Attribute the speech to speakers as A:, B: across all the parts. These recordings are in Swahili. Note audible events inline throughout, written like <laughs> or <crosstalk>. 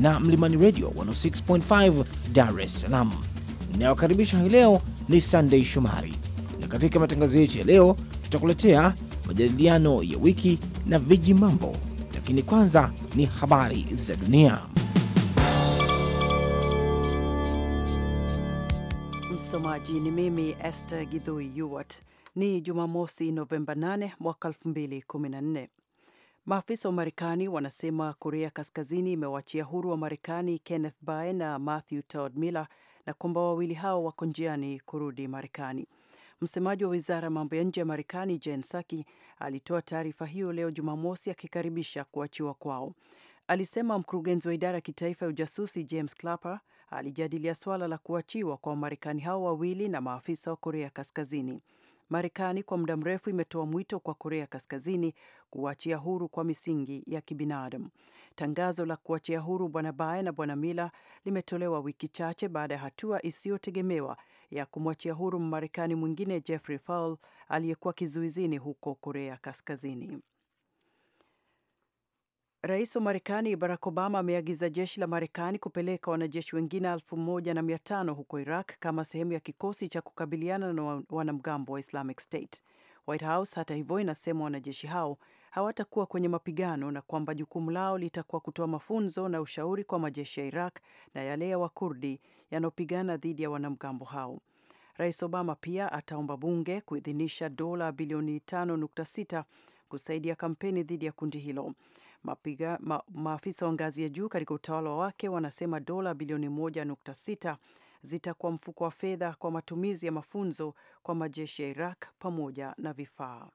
A: na Mlimani Radio 106.5 Dar es Salaam. Inayokaribisha hii leo ni Sunday Shomari, na katika matangazo yetu ya leo tutakuletea majadiliano ya wiki na viji mambo, lakini kwanza ni habari za dunia.
B: Msomaji ni mimi Esther Gidhui Yuwat. Ni Jumamosi, Novemba 8 mwaka 2014. Maafisa wa Marekani wanasema Korea Kaskazini imewachia huru wa Marekani Kenneth Bae na Matthew Todd Miller na kwamba wawili hao wako njiani kurudi Marekani. Msemaji wa wizara ya mambo ya nje ya Marekani Jen Psaki alitoa taarifa hiyo leo Jumamosi akikaribisha kuachiwa kwao. Alisema mkurugenzi wa idara ya kitaifa ya ujasusi James Clapper alijadilia swala la kuachiwa kwa Wamarekani hao wawili na maafisa wa Korea Kaskazini. Marekani kwa muda mrefu imetoa mwito kwa Korea Kaskazini kuachia huru kwa misingi ya kibinadamu. Tangazo la kuachia huru Bwana Bae na Bwana Mila limetolewa wiki chache baada ya hatua isiyotegemewa ya kumwachia huru Mmarekani mwingine Jeffrey fal aliyekuwa kizuizini huko Korea Kaskazini. Rais wa Marekani Barack Obama ameagiza jeshi la Marekani kupeleka wanajeshi wengine elfu moja na mia tano huko Iraq kama sehemu ya kikosi cha kukabiliana na wanamgambo wa Islamic State. White House hata hivyo inasema wanajeshi hao hawatakuwa kwenye mapigano na kwamba jukumu lao litakuwa kutoa mafunzo na ushauri kwa majeshi ya Iraq na yale ya Wakurdi yanayopigana dhidi ya wanamgambo hao. Rais Obama pia ataomba bunge kuidhinisha dola bilioni 5.6 kusaidia kampeni dhidi ya kundi hilo. Mapiga, ma, maafisa wa ngazi ya juu katika utawala wake wanasema dola bilioni 1.6 zitakuwa mfuko wa fedha kwa matumizi ya mafunzo kwa majeshi ya Iraq pamoja na vifaa.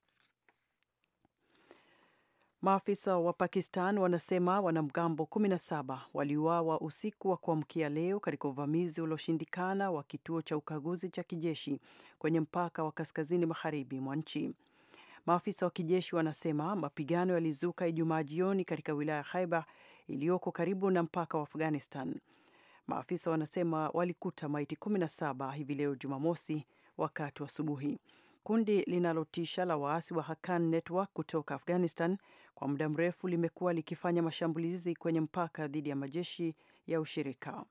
B: Maafisa wa Pakistan wanasema wanamgambo 17 waliuawa usiku wa kuamkia leo katika uvamizi ulioshindikana wa kituo cha ukaguzi cha kijeshi kwenye mpaka wa kaskazini magharibi mwa nchi. Maafisa wa kijeshi wanasema mapigano yalizuka Ijumaa jioni katika wilaya ya Khaiba iliyoko karibu na mpaka wa Afghanistan. Maafisa wanasema walikuta maiti 17 hivi leo Jumamosi wakati wa asubuhi. Kundi linalotisha la waasi wa Hakan Network kutoka Afghanistan kwa muda mrefu limekuwa likifanya mashambulizi kwenye mpaka dhidi ya majeshi ya ushirika.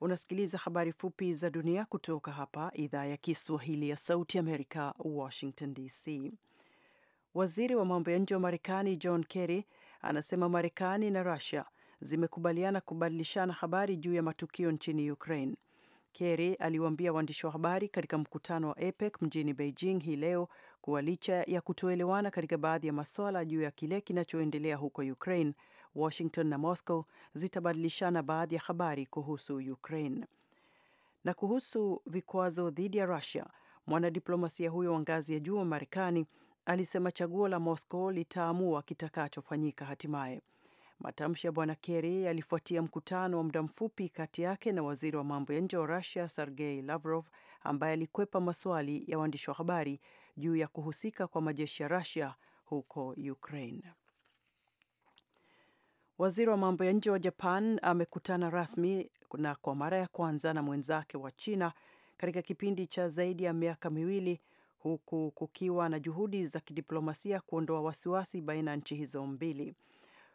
B: Unasikiliza habari fupi za dunia kutoka hapa idhaa ya Kiswahili ya Sauti Amerika, Washington DC. Waziri wa mambo ya nje wa Marekani John Kerry anasema Marekani na Rusia zimekubaliana kubadilishana habari juu ya matukio nchini Ukraine. Kerry aliwaambia waandishi wa habari katika mkutano wa APEC mjini Beijing hii leo kuwa licha ya kutoelewana katika baadhi ya masuala juu ya kile kinachoendelea huko Ukraine, Washington na Moscow zitabadilishana baadhi ya habari kuhusu Ukraine. Na kuhusu vikwazo dhidi ya Russia, mwanadiplomasia huyo wa ngazi ya juu wa Marekani alisema chaguo la Moscow litaamua kitakachofanyika hatimaye. Matamshi ya bwana Kerry yalifuatia mkutano wa muda mfupi kati yake na waziri wa mambo ya nje wa Russia Sergei Lavrov, ambaye alikwepa maswali ya waandishi wa habari juu ya kuhusika kwa majeshi ya Russia huko Ukraine. Waziri wa mambo ya nje wa Japan amekutana rasmi na kwa mara ya kwanza na mwenzake wa China katika kipindi cha zaidi ya miaka miwili huku kukiwa na juhudi za kidiplomasia kuondoa wasiwasi baina ya nchi hizo mbili.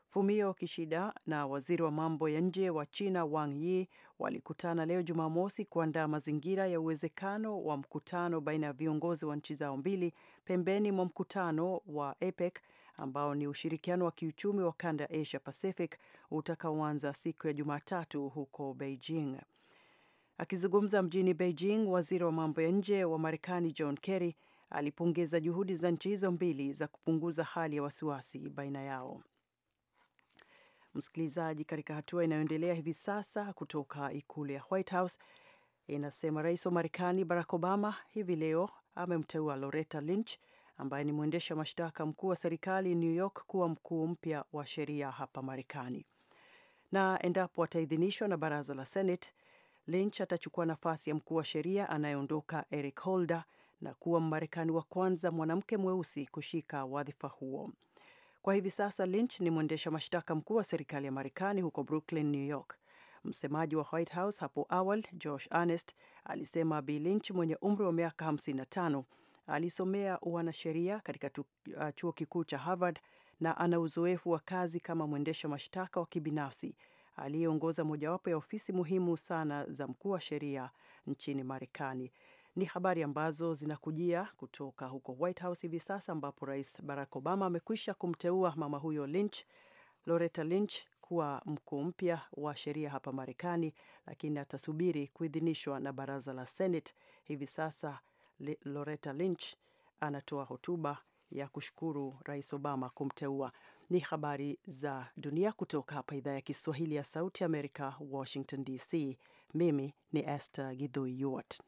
B: Fumio Kishida na waziri wa mambo ya nje wa China Wang Yi walikutana leo Jumamosi kuandaa mazingira ya uwezekano wa mkutano baina ya viongozi wa nchi zao mbili pembeni mwa mkutano wa APEC ambao ni ushirikiano wa kiuchumi wa kanda ya Asia Pacific utakaoanza siku ya Jumatatu huko Beijing. Akizungumza mjini Beijing, waziri wa mambo ya nje wa Marekani John Kerry alipongeza juhudi za nchi hizo mbili za kupunguza hali ya wasiwasi baina yao. Msikilizaji, katika hatua inayoendelea hivi sasa kutoka ikulu ya White House inasema rais wa Marekani Barack Obama hivi leo amemteua Loretta Lynch ambaye ni mwendesha mashtaka mkuu wa serikali New York kuwa mkuu mpya wa sheria hapa Marekani. Na endapo ataidhinishwa na baraza la Senate, Lynch atachukua nafasi ya mkuu wa sheria anayeondoka Eric Holder na kuwa Mmarekani wa kwanza mwanamke mweusi kushika wadhifa huo. Kwa hivi sasa Lynch ni mwendesha mashtaka mkuu wa serikali ya Marekani huko Brooklyn, New York. Msemaji wa White House hapo awali Josh Earnest alisema Bi Lynch mwenye umri wa miaka 55 Alisomea uanasheria katika tu, uh, chuo kikuu cha Harvard na ana uzoefu wa kazi kama mwendesha mashtaka wa kibinafsi aliyeongoza mojawapo ya ofisi muhimu sana za mkuu wa sheria nchini Marekani. Ni habari ambazo zinakujia kutoka huko White House hivi sasa ambapo Rais Barack Obama amekwisha kumteua mama huyo Lynch, Loretta Lynch kuwa mkuu mpya wa sheria hapa Marekani, lakini atasubiri kuidhinishwa na baraza la Senate hivi sasa Loretta Lynch anatoa hotuba ya kushukuru Rais Obama kumteua. Ni habari za dunia kutoka hapa idhaa ya Kiswahili ya Sauti Amerika, Washington DC. Mimi ni Esther Gidhui Yuart.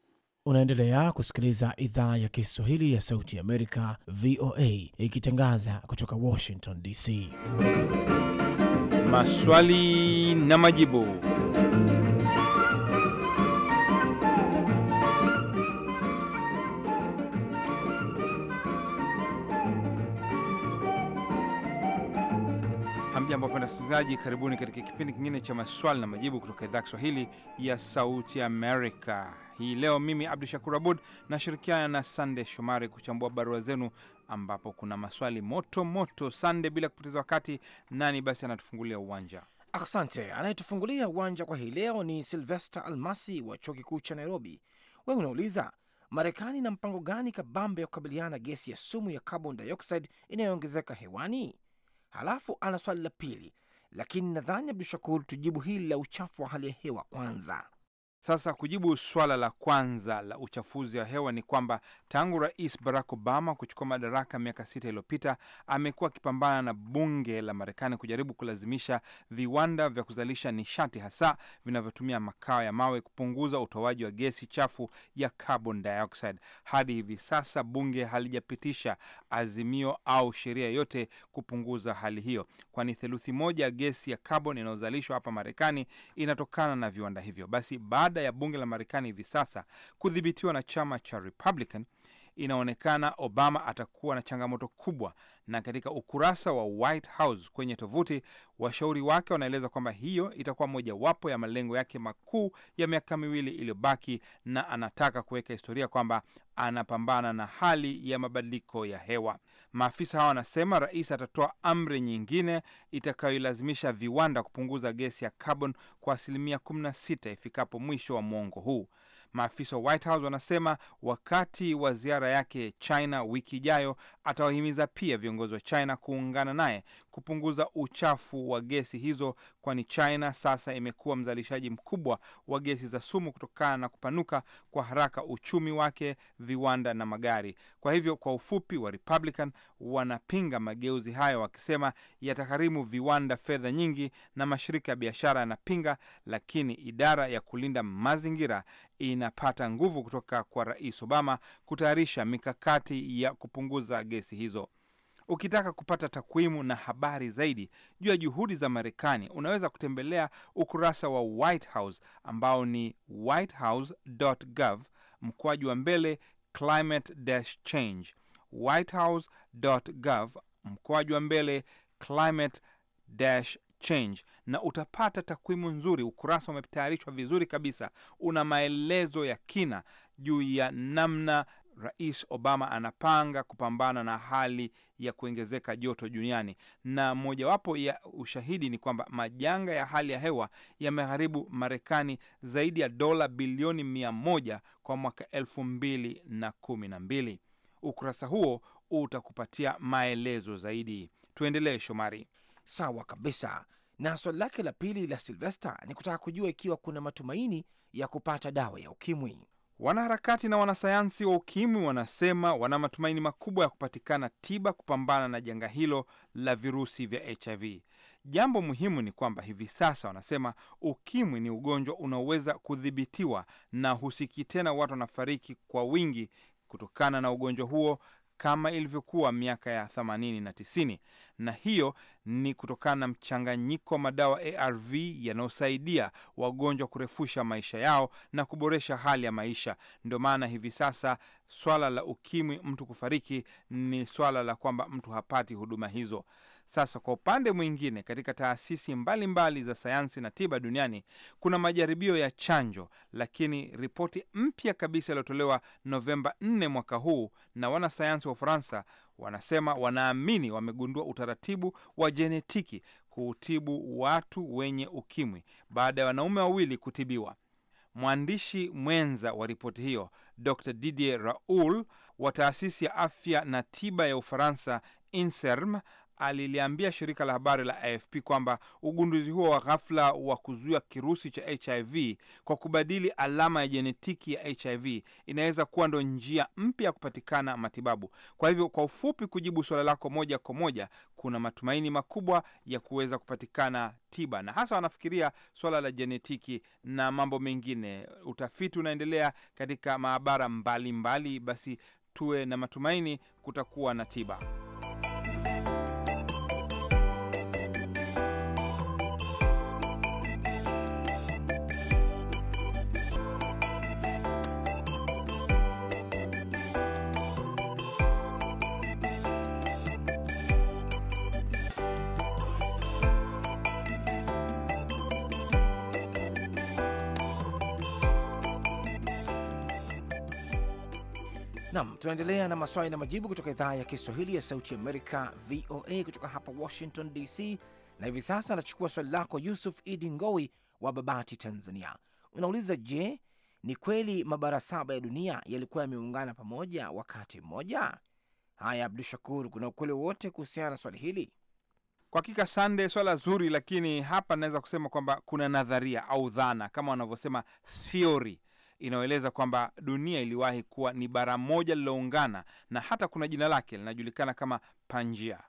A: Unaendelea kusikiliza idhaa ya Kiswahili ya Sauti Amerika, VOA, ikitangaza kutoka Washington DC.
C: Maswali na majibu. Hamjambo wapenda wasikilizaji, karibuni katika kipindi kingine cha maswali na majibu kutoka idhaa Kiswahili ya Sauti Amerika. Hii leo mimi Abdu Shakur Abud nashirikiana na Sande Shomari kuchambua barua zenu, ambapo kuna maswali moto moto. Sande, bila kupoteza wakati, nani basi anatufungulia uwanja?
A: Asante. Anayetufungulia uwanja kwa hii leo ni Silvester Almasi wa chuo kikuu cha Nairobi. Wewe unauliza Marekani na mpango gani kabambe ya kukabiliana na gesi ya sumu ya carbon dioxide inayoongezeka hewani? Halafu
C: ana swali la pili, lakini nadhani Abdu Shakur tujibu hili la uchafu wa hali ya hewa kwanza. Sasa kujibu swala la kwanza la uchafuzi wa hewa ni kwamba tangu Rais Barack Obama kuchukua madaraka miaka sita iliyopita amekuwa akipambana na bunge la Marekani kujaribu kulazimisha viwanda vya kuzalisha nishati hasa vinavyotumia makaa ya mawe kupunguza utoaji wa gesi chafu ya carbon dioxide. Hadi hivi sasa bunge halijapitisha azimio au sheria yote kupunguza hali hiyo, kwani theluthi moja ya gesi ya carbon inayozalishwa hapa Marekani inatokana na viwanda hivyo. Basi baada baada ya bunge la Marekani hivi sasa kudhibitiwa na chama cha Republican inaonekana Obama atakuwa na changamoto kubwa. Na katika ukurasa wa White House kwenye tovuti, washauri wake wanaeleza kwamba hiyo itakuwa mojawapo ya malengo yake makuu ya miaka miwili iliyobaki, na anataka kuweka historia kwamba anapambana na hali ya mabadiliko ya hewa. Maafisa hawa wanasema rais atatoa amri nyingine itakayoilazimisha viwanda kupunguza gesi ya carbon kwa asilimia 16 ifikapo mwisho wa mwongo huu. Maafisa wa White House wanasema wakati wa ziara yake China wiki ijayo atawahimiza pia viongozi wa China kuungana naye kupunguza uchafu wa gesi hizo, kwani China sasa imekuwa mzalishaji mkubwa wa gesi za sumu kutokana na kupanuka kwa haraka uchumi wake, viwanda na magari. Kwa hivyo, kwa ufupi, wa Republican wanapinga mageuzi hayo wakisema yatagharimu viwanda fedha nyingi na mashirika ya biashara yanapinga, lakini idara ya kulinda mazingira inapata nguvu kutoka kwa Rais Obama kutayarisha mikakati ya kupunguza gesi hizo. Ukitaka kupata takwimu na habari zaidi juu ya juhudi za Marekani, unaweza kutembelea ukurasa wa White House ambao ni whitehouse.gov mkwaju wa mbele climate change, whitehouse.gov mkwaju wa mbele climate change, na utapata takwimu nzuri. Ukurasa umetayarishwa vizuri kabisa, una maelezo ya kina juu ya namna Rais Obama anapanga kupambana na hali ya kuongezeka joto duniani, na mojawapo ya ushahidi ni kwamba majanga ya hali ya hewa yamegharibu Marekani zaidi ya dola bilioni mia moja kwa mwaka elfu mbili na kumi na mbili. Ukurasa huo utakupatia maelezo zaidi. Tuendelee, Shomari. Sawa kabisa. Na swali lake la pili la Silvesta ni kutaka kujua ikiwa kuna matumaini ya kupata dawa ya ukimwi. Wanaharakati na wanasayansi wa ukimwi wanasema wana matumaini makubwa ya kupatikana tiba kupambana na janga hilo la virusi vya HIV. Jambo muhimu ni kwamba hivi sasa wanasema ukimwi ni ugonjwa unaoweza kudhibitiwa na husiki tena watu wanafariki kwa wingi kutokana na ugonjwa huo kama ilivyokuwa miaka ya 80 na 90, na hiyo ni kutokana na mchanganyiko wa madawa ARV yanayosaidia wagonjwa kurefusha maisha yao na kuboresha hali ya maisha. Ndio maana hivi sasa swala la ukimwi, mtu kufariki, ni swala la kwamba mtu hapati huduma hizo. Sasa kwa upande mwingine, katika taasisi mbalimbali mbali za sayansi na tiba duniani kuna majaribio ya chanjo, lakini ripoti mpya kabisa iliyotolewa Novemba 4 mwaka huu na wanasayansi wa Ufaransa wanasema wanaamini wamegundua utaratibu wa jenetiki kutibu watu wenye ukimwi baada ya wanaume wawili kutibiwa. Mwandishi mwenza wa ripoti hiyo Dr Didier Raoul wa taasisi ya afya na tiba ya Ufaransa, INSERM, aliliambia shirika la habari la AFP kwamba ugunduzi huo wa ghafla wa kuzuia kirusi cha HIV kwa kubadili alama ya jenetiki ya HIV inaweza kuwa ndo njia mpya ya kupatikana matibabu. Kwa hivyo, kwa ufupi, kujibu suala lako moja kwa moja, kuna matumaini makubwa ya kuweza kupatikana tiba, na hasa wanafikiria suala la jenetiki na mambo mengine. Utafiti unaendelea katika maabara mbalimbali mbali, basi tuwe na matumaini kutakuwa na tiba.
A: Tunaendelea na maswali na majibu kutoka idhaa ya Kiswahili ya Sauti Amerika, VOA, kutoka hapa Washington DC. Na hivi sasa anachukua swali lako Yusuf Idi Ngowi wa Babati, Tanzania. Unauliza, je, ni kweli mabara saba ya dunia yalikuwa yameungana pamoja wakati
C: mmoja? Haya, Abdu Shakur, kuna ukweli wowote kuhusiana na swali hili? Kwa hakika, Sande, swala zuri, lakini hapa naweza kusema kwamba kuna nadharia au dhana kama wanavyosema theory inayoeleza kwamba dunia iliwahi kuwa ni bara moja lililoungana na hata kuna jina lake linajulikana kama Pangea.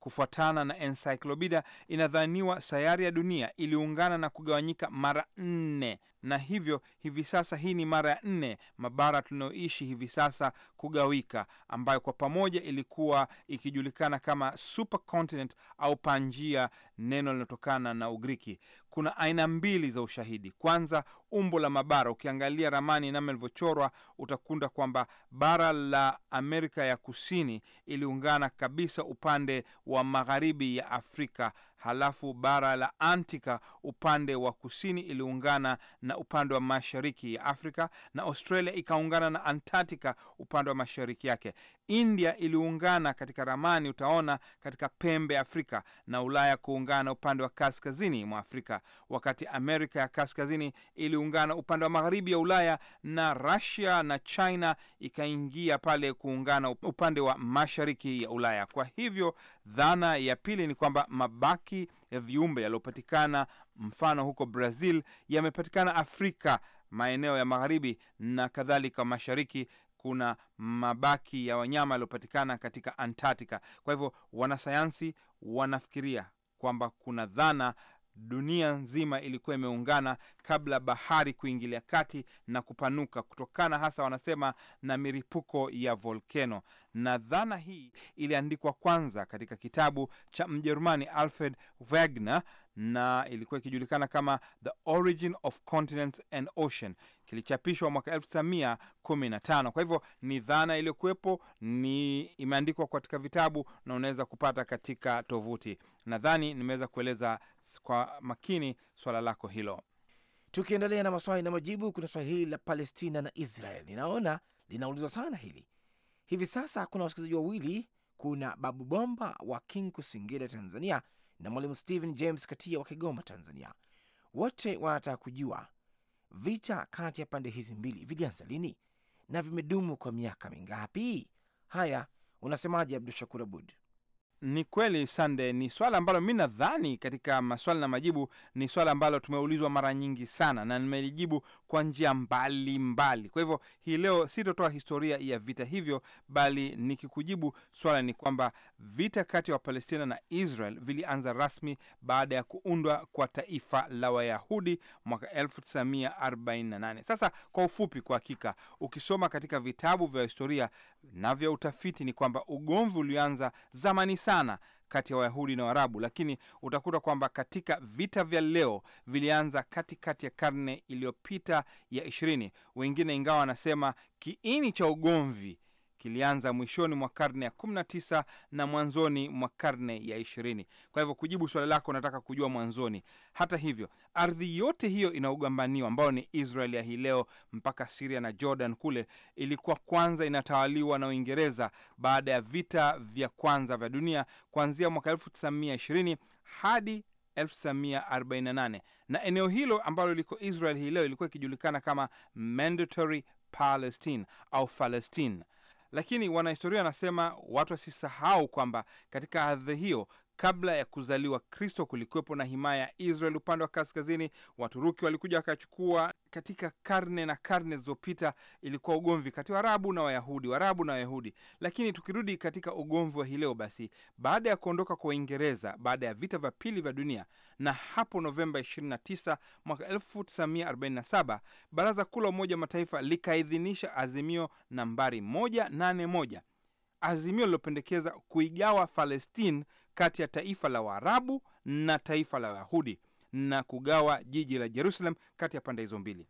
C: Kufuatana na encyclopedia, inadhaniwa sayari ya dunia iliungana na kugawanyika mara nne, na hivyo hivi sasa hii ni mara ya nne mabara tunayoishi hivi sasa kugawika, ambayo kwa pamoja ilikuwa ikijulikana kama supercontinent au Panjia, neno linalotokana na Ugiriki kuna aina mbili za ushahidi. Kwanza, umbo la mabara. Ukiangalia ramani namna ilivyochorwa, utakunda kwamba bara la Amerika ya Kusini iliungana kabisa upande wa magharibi ya Afrika halafu bara la antica upande wa kusini iliungana na upande wa mashariki ya Afrika, na Australia ikaungana na Antarctica upande wa mashariki yake. India iliungana katika ramani, utaona katika pembe ya Afrika, na Ulaya kuungana upande wa kaskazini mwa Afrika, wakati Amerika ya kaskazini iliungana upande wa magharibi ya Ulaya, na Russia na China ikaingia pale kuungana upande wa mashariki ya Ulaya. Kwa hivyo dhana ya pili ni kwamba mabaki mabaki ya viumbe yaliyopatikana mfano huko Brazil yamepatikana Afrika, maeneo ya magharibi na kadhalika mashariki kuna mabaki ya wanyama yaliyopatikana katika Antarctica. Kwa hivyo wanasayansi wanafikiria kwamba kuna dhana dunia nzima ilikuwa imeungana kabla bahari kuingilia kati na kupanuka, kutokana hasa wanasema na miripuko ya volkeno. Na dhana hii iliandikwa kwanza katika kitabu cha Mjerumani Alfred wagner na ilikuwa ikijulikana kama The Origin of Continents and Ocean kilichapishwa mwaka 1915. Kwa hivyo ni dhana iliyokuwepo, ni imeandikwa katika vitabu na unaweza kupata katika tovuti. Nadhani nimeweza kueleza kwa makini swala lako hilo. Tukiendelea na maswali
A: na majibu, kuna swali hili la Palestina na Israel, ninaona linaulizwa sana hili hivi sasa. Kuna wasikilizaji wawili, kuna Babu Bomba wa Kinku, kusingira Tanzania, na Mwalimu Stephen James Katia wa Kigoma, Tanzania. Wote wanataka kujua Vita kati ya pande hizi mbili vilianza lini na vimedumu kwa miaka mingapi? Haya,
C: unasemaje Abdu Shakur Abud? Ni kweli Sande, ni swala ambalo mi nadhani katika maswali na majibu ni swala ambalo tumeulizwa mara nyingi sana na nimelijibu kwa njia mbalimbali. Kwa hivyo hii leo sitotoa historia ya vita hivyo, bali nikikujibu swala ni kwamba vita kati ya wa Wapalestina na Israel vilianza rasmi baada ya kuundwa kwa taifa la Wayahudi mwaka 1948. Sasa kwa ufupi, kwa hakika, ukisoma katika vitabu vya historia na vya utafiti ni kwamba ugomvi ulianza zamani sana kati ya Wayahudi na Waarabu, lakini utakuta kwamba katika vita vya leo vilianza katikati ya karne iliyopita ya ishirini. Wengine ingawa wanasema kiini cha ugomvi kilianza mwishoni mwa karne ya 19 na mwanzoni mwa karne ya 20. Kwa hivyo kujibu swali lako, nataka kujua mwanzoni. Hata hivyo, ardhi yote hiyo inayogambaniwa ambayo ni Israel ya hii leo mpaka Siria na Jordan kule, ilikuwa kwanza inatawaliwa na Uingereza baada ya vita vya kwanza vya dunia kuanzia mwaka 1920 hadi 1948 na eneo hilo ambalo liko Israel hii leo ilikuwa ikijulikana kama Mandatory Palestine au Palestine lakini wanahistoria wanasema watu wasisahau kwamba katika ardhi hiyo Kabla ya kuzaliwa Kristo, kulikuwepo na himaya ya Israel upande wa kaskazini. Waturuki walikuja wakachukua. Katika karne na karne zilizopita, ilikuwa ugomvi kati wa Arabu na Wayahudi, Waarabu na Wayahudi. Lakini tukirudi katika ugomvi wa hii leo, basi baada ya kuondoka kwa Uingereza baada ya vita vya pili vya dunia, na hapo Novemba 29 mwaka 1947 Baraza Kuu la Umoja wa Mataifa likaidhinisha azimio nambari 181 azimio lilopendekeza kuigawa Palestine kati ya taifa la Waarabu na taifa la Wayahudi na kugawa jiji la Jerusalem kati ya pande hizo mbili.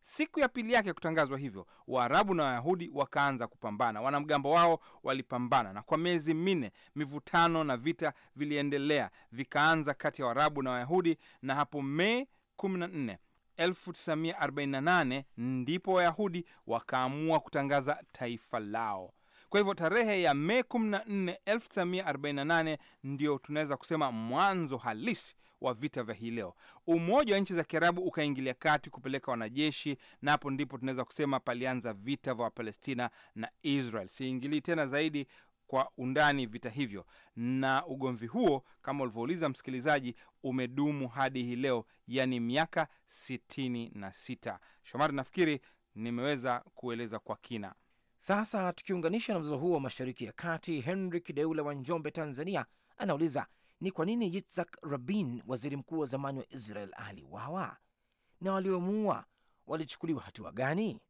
C: Siku ya pili yake kutangazwa hivyo, Waarabu na Wayahudi wakaanza kupambana. Wanamgambo wao walipambana, na kwa miezi minne mivutano na vita viliendelea, vikaanza kati ya Waarabu na Wayahudi, na hapo Mei 14 1948 ndipo Wayahudi wakaamua kutangaza taifa lao. Kwa hivyo tarehe ya Mei 14, 1948 ndio tunaweza kusema mwanzo halisi wa vita vya hii leo. Umoja wa nchi za Kiarabu ukaingilia kati kupeleka wanajeshi, na hapo ndipo tunaweza kusema palianza vita vya Wapalestina na Israel. Siingilii tena zaidi kwa undani vita hivyo, na ugomvi huo kama ulivyouliza msikilizaji, umedumu hadi hii leo, yani miaka sitini na sita. Shomari, nafikiri nimeweza kueleza kwa kina.
A: Sasa tukiunganisha na mzozo huo wa mashariki ya kati, Henry Kideula wa Njombe, Tanzania, anauliza ni kwa nini Yitzhak Rabin, waziri mkuu wa zamani wa Israel, aliwawa na waliomuua
C: walichukuliwa hatua gani?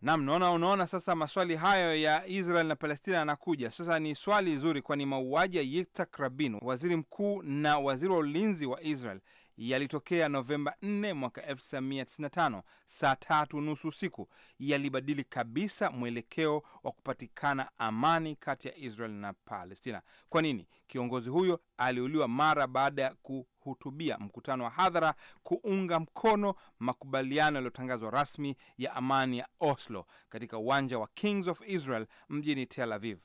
C: Nam, naona unaona, sasa maswali hayo ya Israel na Palestina yanakuja sasa. Ni swali zuri, kwani mauaji ya Yitzhak Rabin, waziri mkuu na waziri wa ulinzi wa Israel, yalitokea Novemba 4 mwaka 1995 saa tatu nusu usiku, yalibadili kabisa mwelekeo wa kupatikana amani kati ya Israel na Palestina. Kwa nini? Kiongozi huyo aliuliwa mara baada ya kuhutubia mkutano wa hadhara kuunga mkono makubaliano yaliyotangazwa rasmi ya amani ya Oslo katika uwanja wa Kings of Israel mjini Tel Aviv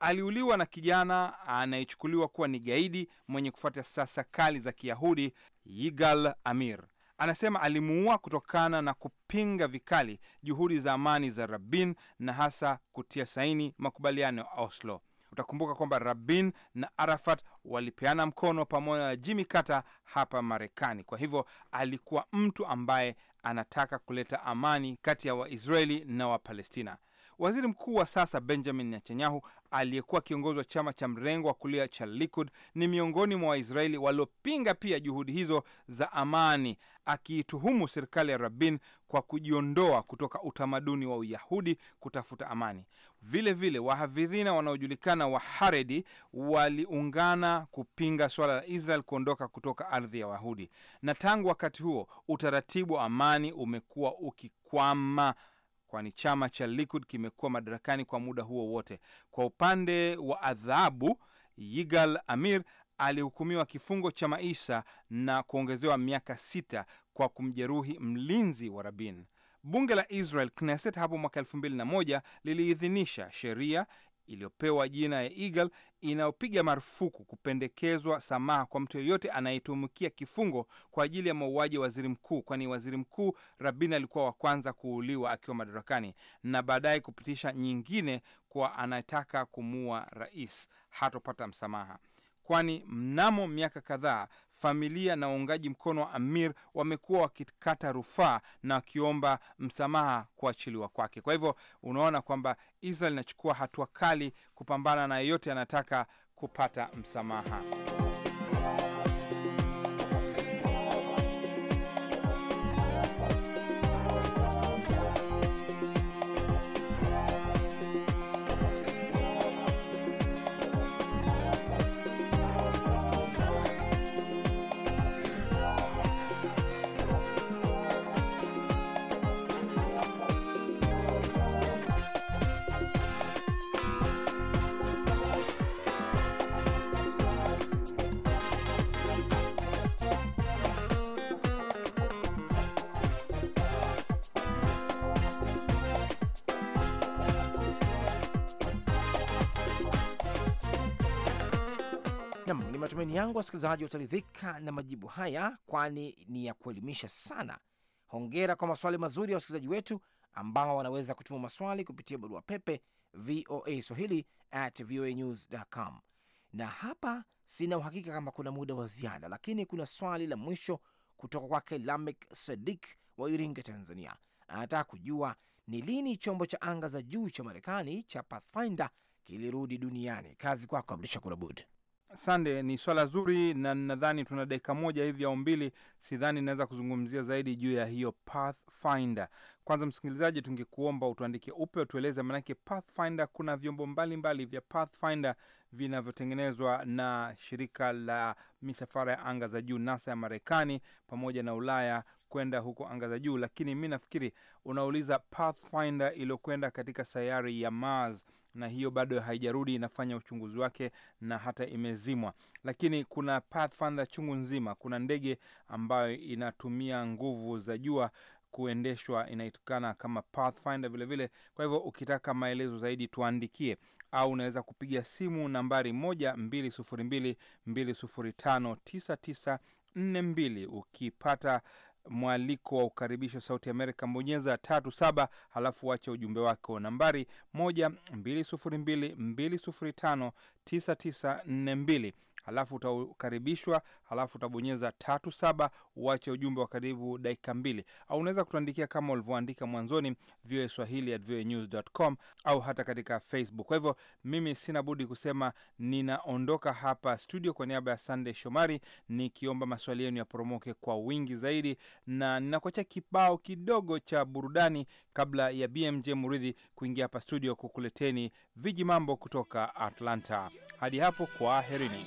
C: aliuliwa na kijana anayechukuliwa kuwa ni gaidi mwenye kufuata sasa kali za Kiyahudi, Yigal Amir. Anasema alimuua kutokana na kupinga vikali juhudi za amani za Rabin na hasa kutia saini makubaliano ya Oslo. Utakumbuka kwamba Rabin na Arafat walipeana mkono pamoja na Jimmy Carter hapa Marekani. Kwa hivyo alikuwa mtu ambaye anataka kuleta amani kati ya Waisraeli na Wapalestina. Waziri mkuu wa sasa Benjamin Netanyahu, aliyekuwa kiongozi wa chama cha mrengo wa kulia cha Likud, ni miongoni mwa Waisraeli waliopinga pia juhudi hizo za amani, akiituhumu serikali ya Rabin kwa kujiondoa kutoka utamaduni wa Uyahudi kutafuta amani. Vile vile wahafidhina wanaojulikana wa Haredi waliungana kupinga suala la Israel kuondoka kutoka ardhi ya Wayahudi, na tangu wakati huo utaratibu wa amani umekuwa ukikwama kwani chama cha Likud kimekuwa madarakani kwa muda huo wote. Kwa upande wa adhabu, Yigal Amir alihukumiwa kifungo cha maisha na kuongezewa miaka sita kwa kumjeruhi mlinzi wa Rabin. Bunge la Israel Knesset hapo mwaka 21 liliidhinisha sheria iliyopewa jina ya Eagle inayopiga marufuku kupendekezwa samaha kwa mtu yeyote anayetumikia kifungo kwa ajili ya mauaji ya waziri mkuu, kwani waziri mkuu Rabin alikuwa wa kwanza kuuliwa akiwa madarakani, na baadaye kupitisha nyingine kwa anataka kumuua rais, hatopata msamaha kwani mnamo miaka kadhaa familia na waungaji mkono wa Amir wamekuwa wakikata rufaa na wakiomba msamaha kuachiliwa kwake. Kwa hivyo unaona kwamba Israel inachukua hatua kali kupambana na yeyote anataka kupata msamaha.
A: Nam, ni matumaini yangu wasikilizaji wataridhika na majibu haya, kwani ni ya kuelimisha sana. Hongera kwa maswali mazuri ya wasikilizaji wetu ambao wanaweza kutuma maswali kupitia barua pepe voa swahili at com. Na hapa sina uhakika kama kuna muda wa ziada, lakini kuna swali la mwisho kutoka kwake Lamek Sadik wa Iringa, Tanzania. Anataka kujua ni lini chombo cha anga za juu cha Marekani cha Pathfinder
C: kilirudi duniani.
A: Kazi kwako Abdu Abud.
C: Sande, ni swala zuri na nadhani tuna dakika moja hivi au mbili. Sidhani naweza kuzungumzia zaidi juu ya hiyo Pathfinder. Kwanza msikilizaji, tungekuomba utuandikie upe, utueleze maanake Pathfinder. Kuna vyombo mbalimbali vya Pathfinder vinavyotengenezwa na shirika la misafara ya anga za juu NASA ya Marekani pamoja na Ulaya kwenda huko anga za juu, lakini mi nafikiri unauliza Pathfinder iliyokwenda katika sayari ya Mars na hiyo bado haijarudi, inafanya uchunguzi wake na hata imezimwa. Lakini kuna Pathfinder chungu nzima, kuna ndege ambayo inatumia nguvu za jua kuendeshwa inaitokana kama Pathfinder vilevile Kwa hivyo ukitaka maelezo zaidi tuandikie, au unaweza kupiga simu nambari moja mbili sufuri mbili mbili sufuri tano tisa tisa nne mbili ukipata mwaliko wa ukaribisho Sauti Amerika, mbonyeza tatu saba halafu wacha ujumbe wako nambari moja mbili mbili mbili sufuri sufuri tano tisa tisa nne mbili halafu utakaribishwa, halafu utabonyeza tatu saba, uache ujumbe wa karibu dakika mbili, au unaweza kutuandikia kama ulivyoandika mwanzoni, VOA Swahili at voanews.com, au hata katika Facebook. Kwa hivyo mimi sina budi kusema ninaondoka hapa studio kwa niaba ya Sandey Shomari, nikiomba maswali yenu yaporomoke kwa wingi zaidi, na ninakuacha kibao kidogo cha burudani kabla ya BMJ Muridhi kuingia hapa studio kukuleteni viji mambo kutoka Atlanta. Hadi hapo kwaherini.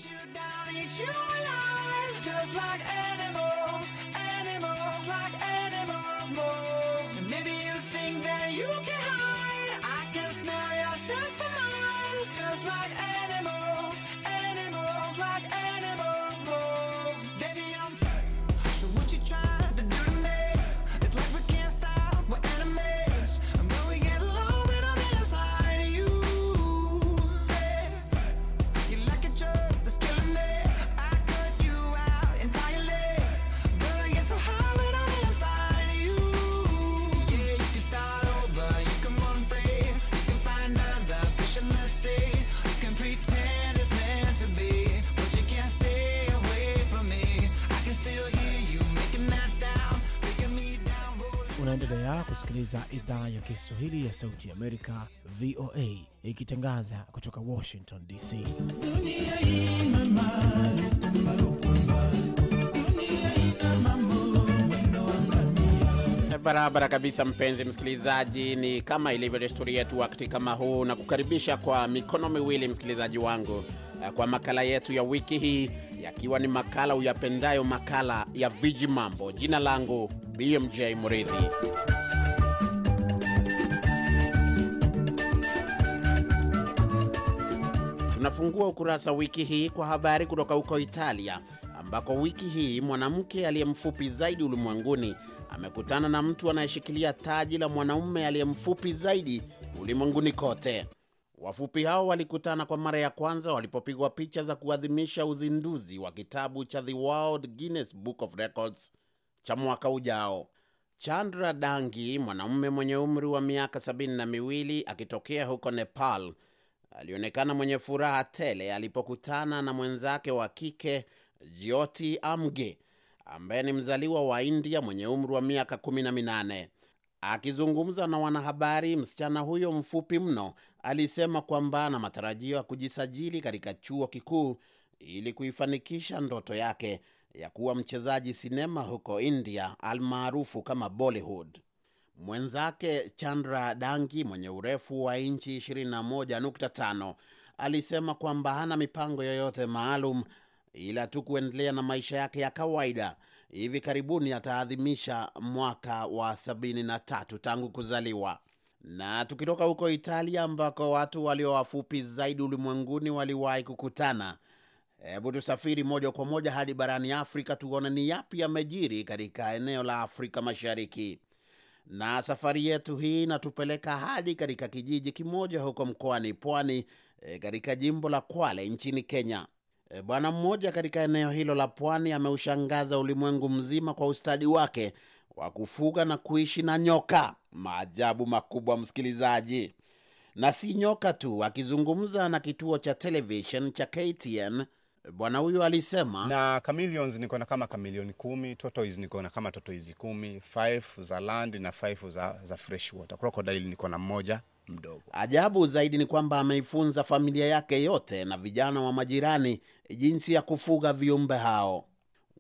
A: Unaendelea kusikiliza idhaa ya Kiswahili ya Sauti Amerika, VOA, ikitangaza kutoka
D: Washington DC. Barabara kabisa, mpenzi msikilizaji, ni kama ilivyo desturi yetu wakati kama huu, na kukaribisha kwa mikono miwili msikilizaji wangu eh, kwa makala yetu ya wiki hii, yakiwa ni makala uyapendayo, makala ya viji mambo. Jina langu BMJ mridhi Tunafungua ukurasa wiki hii kwa habari kutoka huko Italia ambako wiki hii mwanamke aliye mfupi zaidi ulimwenguni amekutana na mtu anayeshikilia taji la mwanaume aliye mfupi zaidi ulimwenguni kote. Wafupi hao walikutana kwa mara ya kwanza walipopigwa picha za kuadhimisha uzinduzi wa kitabu cha The World Guinness Book of Records cha mwaka ujao. Chandra Dangi, mwanaume mwenye umri wa miaka sabini na miwili akitokea huko Nepal, alionekana mwenye furaha tele alipokutana na mwenzake wa kike Jyoti Amge ambaye ni mzaliwa wa India mwenye umri wa miaka kumi na minane. Akizungumza na wanahabari, msichana huyo mfupi mno alisema kwamba ana matarajio ya kujisajili katika chuo kikuu ili kuifanikisha ndoto yake ya kuwa mchezaji sinema huko India almaarufu kama Bollywood. Mwenzake Chandra Dangi mwenye urefu wa inchi 21.5 alisema kwamba hana mipango yoyote maalum ila tu kuendelea na maisha yake ya kawaida. Hivi karibuni ataadhimisha mwaka wa 73 tangu kuzaliwa. Na tukitoka huko Italia ambako watu walio wafupi zaidi ulimwenguni waliwahi kukutana Hebu tusafiri moja kwa moja hadi barani Afrika tuone ni yapi yamejiri katika eneo la Afrika Mashariki. Na safari yetu hii inatupeleka hadi katika kijiji kimoja huko mkoani Pwani, e, katika jimbo la Kwale nchini Kenya. E, bwana mmoja katika eneo hilo la Pwani ameushangaza ulimwengu mzima kwa ustadi wake wa kufuga na kuishi na nyoka. Maajabu makubwa, msikilizaji. Na si nyoka tu. Akizungumza na kituo cha television cha KTN Bwana huyu alisema, na Chameleons niko na kama kamilioni kumi, tortoise niko na kama tortoise kumi, five za land na five za, za fresh water, crocodile niko na mmoja mdogo. Ajabu zaidi ni kwamba ameifunza familia yake yote na vijana wa majirani jinsi ya kufuga viumbe hao.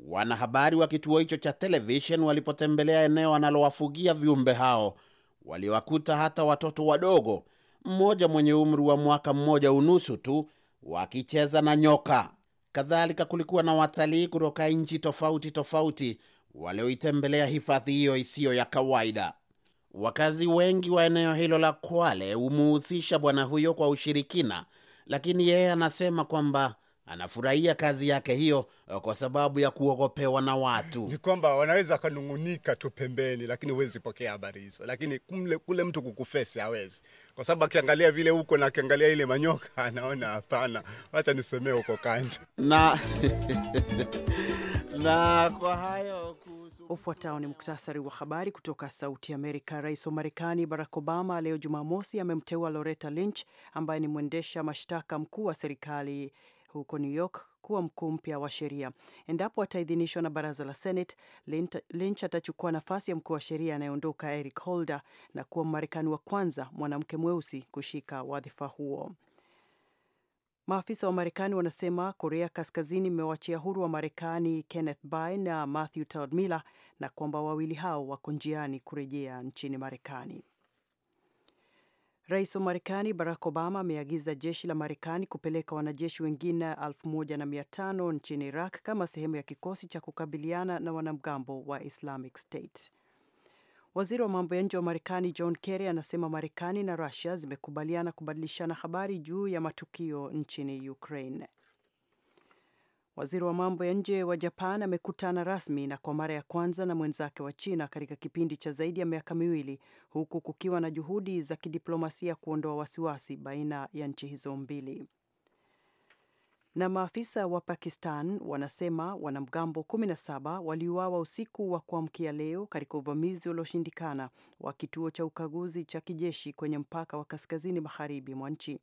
D: Wanahabari wa kituo hicho cha televishen walipotembelea eneo analowafugia viumbe hao, waliwakuta hata watoto wadogo, mmoja mwenye umri wa mwaka mmoja unusu tu wakicheza na nyoka. Kadhalika, kulikuwa na watalii kutoka nchi tofauti tofauti walioitembelea hifadhi hiyo isiyo ya kawaida. Wakazi wengi wa eneo hilo la Kwale humuhusisha bwana huyo kwa ushirikina, lakini yeye anasema kwamba anafurahia kazi yake hiyo eh, kwa sababu ya kuogopewa na watu. Ni kwamba wanaweza wakanung'unika tu pembeni, lakini huwezi pokea habari hizo,
C: lakini kule mtu kukufesi hawezi kwa sababu akiangalia vile huko na akiangalia ile manyoka <laughs> anaona hapana, wacha nisemee huko kando
D: na <laughs>
B: na kwa hayo Ufuatao ni muktasari wa habari kutoka Sauti ya Amerika. Rais wa Marekani Barack Obama leo Jumamosi amemteua Loretta Lynch ambaye ni mwendesha mashtaka mkuu wa serikali huko New York kuwa mkuu mpya wa sheria. Endapo ataidhinishwa na baraza la Senate, Lynch atachukua nafasi ya mkuu wa sheria anayeondoka Eric Holder na kuwa Mmarekani wa kwanza mwanamke mweusi kushika wadhifa huo. Maafisa wa Marekani wanasema Korea Kaskazini imewachia huru wa Marekani Kenneth Bae na Matthew Todd Miller na kwamba wawili hao wako njiani kurejea nchini Marekani. Rais wa Marekani Barack Obama ameagiza jeshi la Marekani kupeleka wanajeshi wengine 1500 nchini Iraq kama sehemu ya kikosi cha kukabiliana na wanamgambo wa Islamic State. Waziri wa mambo ya nje wa Marekani John Kerry anasema Marekani na Russia zimekubaliana kubadilishana habari juu ya matukio nchini Ukraine. Waziri wa mambo ya nje wa Japan amekutana rasmi na kwa mara ya kwanza na mwenzake wa China katika kipindi cha zaidi ya miaka miwili, huku kukiwa na juhudi za kidiplomasia kuondoa wasiwasi baina ya nchi hizo mbili. Na maafisa wa Pakistan wanasema wanamgambo 17 waliuawa usiku wa kuamkia leo katika uvamizi ulioshindikana wa kituo cha ukaguzi cha kijeshi kwenye mpaka wa kaskazini magharibi mwa nchi.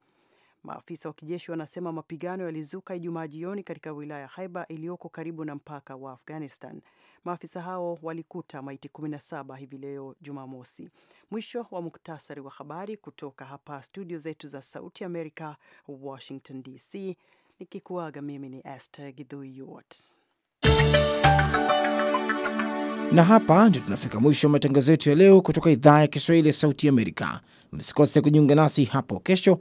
B: Maafisa wa kijeshi wanasema mapigano yalizuka Ijumaa jioni katika wilaya Haiba iliyoko karibu na mpaka wa Afghanistan. Maafisa hao walikuta maiti 17 hivi leo Jumamosi. Mwisho wa muktasari wa habari kutoka hapa studio zetu za Sauti Amerika, Washington DC, nikikuaga mimi ni Esther Gidhui
A: na hapa ndio tunafika mwisho wa matangazo yetu ya leo kutoka idhaa ya Kiswahili ya Sauti Amerika. Msikose kujiunga nasi hapo kesho